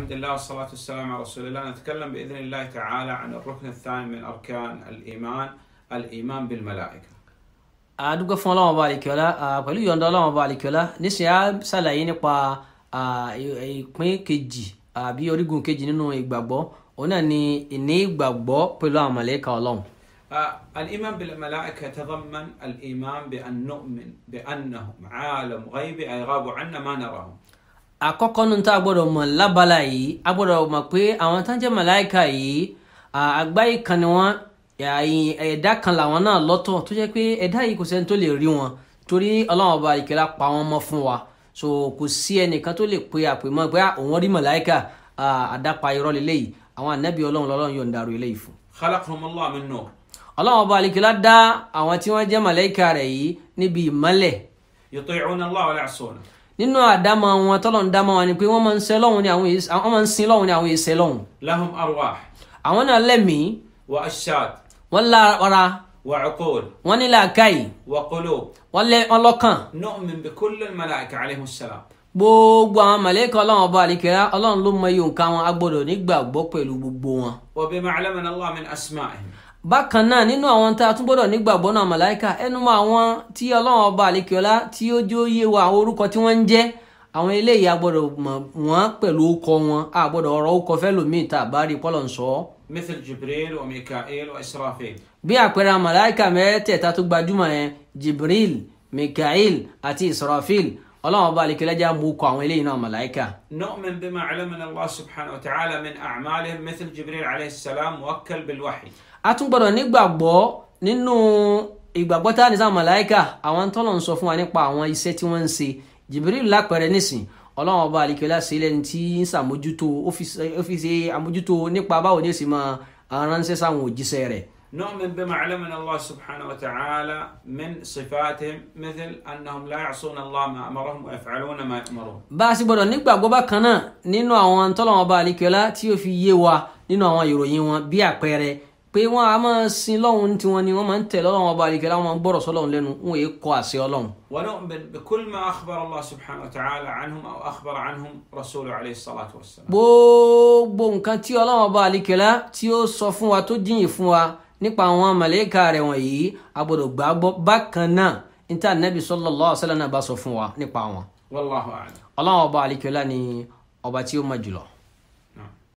الحمد لله والصلاة والسلام على رسول الله نتكلم بإذن الله تعالى عن الركن الثاني من أركان الإيمان الإيمان بالملائكة أدوك fún الله مبارك ولا pẹ̀lú آه، يوند الله مبارك ولا níṣẹ́ á ṣàlàyé nípa ìpín kejì àbí orígun kejì nínú ìgbàgbọ́ òun ني ni ìní ìgbàgbọ́ pẹ̀lú àwọn الإيمان بالملائكة تضمن الإيمان بأن نؤمن بأنهم عالم غيبي أي غابوا عنا ما نراهم. àkọ́kọ́ nu tá a gbọ́dọ̀ mọ̀ lábala yìí a gbọ́dọ̀ mọ̀ pé àwọn tán jẹ́ màláìka yìí àgbáyé kan ni wọ́n ẹ̀dá kan làwọn náà lọ́tọ̀ tó jẹ́ pé ẹ̀dá yìí kò sẹ́ni tó lè rí wọn torí ọlọ́run ọba ìkẹ́lá pa wọn mọ́ fún wa so kò sí ẹnìkan tó lè pe àpèmọ́ pé òun rí màláìka àdápa irọ́ lélẹ́yìí àwọn ànábì ọlọ́run lọ́lọ́run yóò ń darú eléyìí fún. khalaqahumullah min nur. ọlọ́run ọba àlekèlá dá àwọn tí nínú àdámọ̀ wọn tọ́lọ̀ ń dámọ̀ wọn ni pé wọ́n máa ń sin lọ́hùn ni àwọn wọ́n máa ń sin lọ́hùn ni àwọn èsè lọ́hùn. lahum arwah. àwọn náà lẹ́mìí. wa ashad. wọ́n lára. wa uqul. wọ́n ní làákàyè. wa qulub. wọ́n lẹ́ wọ́n lọ́kàn. nu'min bi kulli al-malaika alayhi salam. gbogbo àwọn màlẹ́kà ọlọ́run ọba àlìkẹ́rá ọlọ́run ló mọ iye nǹkan wọn agbọ́dọ̀ nígbàgbọ́ pẹ̀lú gbogbo wọn bákan náà nínú àwọn tá a tún gbọ́dọ̀ nígbàgbọ́ náà màláìka ẹnu mọ àwọn tí ọlọ́run ọba àlekèọlá tí ó jẹ́ òye wa àwọn orúkọ tí wọ́n ń jẹ́ àwọn eléyìí a gbọ́dọ̀ mọ̀ wọ́n pẹ̀lú ọkọ wọn a gbọ́dọ̀ ọ̀rọ̀ ọkọ fẹ́ lómìn tá a bá rí pọ́lọ̀ ń sọ. mithil jibril wa mikael wa bí àpẹẹrẹ màláìka mẹ́tẹ̀ẹ̀ta tó gbajúmọ̀ yẹn jibril mikael àti israfil ọlọ́run ọba àlekèlè jẹ́ mú kọ àwọn eléyìí náà màláìka. nu'min bima 'allamana Allah subhanahu wa ta'ala min a'malihim mithl Jibril alayhi salam muwakkal bil wahy. a tún gbọdọ̀ nígbàgbọ́ nínú ìgbàgbọ́ tá a ní sáà màláìka àwọn tọ́lọ̀ ń sọ fún wa nípa àwọn iṣẹ́ tí wọ́n ń ṣe Jibril lápẹẹrẹ nísìn ọlọ́run ọba àlekèlè ṣe lẹ́ni tí ń ṣàmójútó ó fi ṣe àmójútó nípa báwo ni ó sì máa ránṣẹ́ sáwọn òjíṣẹ́ rẹ̀ نؤمن بما علمنا الله سبحانه وتعالى من صفاتهم مثل أنهم لا يعصون الله ما أمرهم ويفعلون ما يأمرون بس بدو نيكبا غوبا كانا nínú àwọn tọ́lọ́run ọba àlekíọ́lá tí ó fi yé wa nínú àwọn ìròyìn wọn bí àpẹẹrẹ pé wọn a máa sin lọ́hun tí wọn ni wọn máa ń tẹ̀lé Ọlọ́run ọba àlekíọ́lá wọn máa ń gbọ́rọ̀ sọ́lọ́run lẹ́nu wọn èé kọ́ àṣẹ Ọlọ́run. ونؤمن بكل ما أخبر الله سبحانه وتعالى عنهم أو أخبر عنهم رسوله عليه الصلاة والسلام. gbogbo nǹkan tí Ọlọ́run ọba àlekíọ́lá tí ó sọ fún wa tó jíyìn fún wa nípa àwọn màlẹ́kà rẹ̀ wọ̀nyí a gbọ́dọ̀ gbàgbọ́ bákan náà níta nẹ́bí sallallahu alaihi wasallam náà bá sọ fún wa nípa wọn. wallahu ọba àlekèọ́lá ni ọba tí ó mọ̀ jùlọ.